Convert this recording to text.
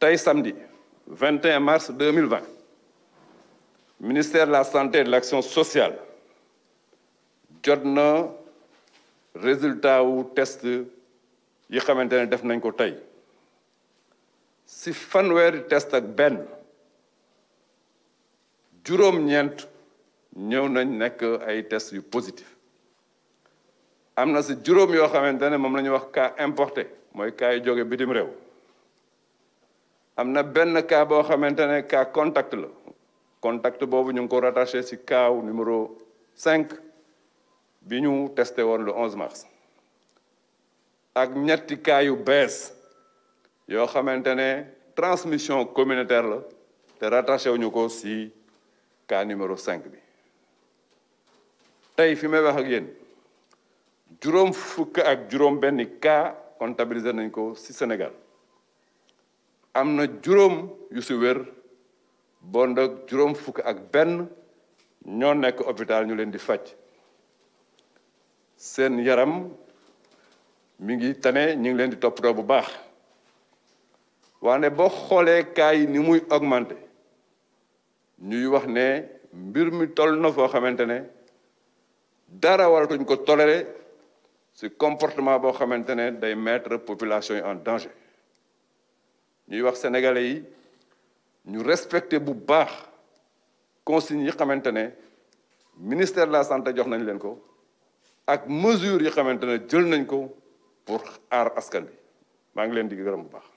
tey samedi 21 mars 2020 ministère la santé et de l'action sociale jot na résultat wu test yi xamante ne def nañ ko tey si fanweeri test ak benn juróom-ñeent ñëw nañ nekk ay test yu positif am na si juróom yoo xamante ne moom la ñuy wax cas importé mooy cas yi jóge bitim réew am na benn kaa boo xamante ne cas contact la contact boobu ñu ngi ko rattaché ci cas numéro cinq bi ñu testé woon le 11 mars ak ñetti cas yu bees yoo xamante ne transmission communautaire la te rattaché wuñu ko ci cas numéro cinq bi tey fi may wax ak yéen juróom fukk ak juróom benn cas comptabilisé nañ ko ci Sénégal am na juróom yu si wér bon nag juróom fukk ak benn ñoo nekk hôpital ñu leen di faj seen yaram mi ngi tame ñu ngi leen di toppatoo bu baax waane boo xoolee cas yi ni muy augmenté ñuy wax ne mbir mi toll na foo xamante ne dara waratuñ ko toléré si comportement boo xamante ne day mettre population yi en danger ñuy wax sénégalais yi ñu respecté bu baax consignes yi xamante ne ministère la santé jox nañ leen ko ak mesures yi xamante ne jël nañ ko pour aar askan bi maa ngi leen di gërëm bu baax.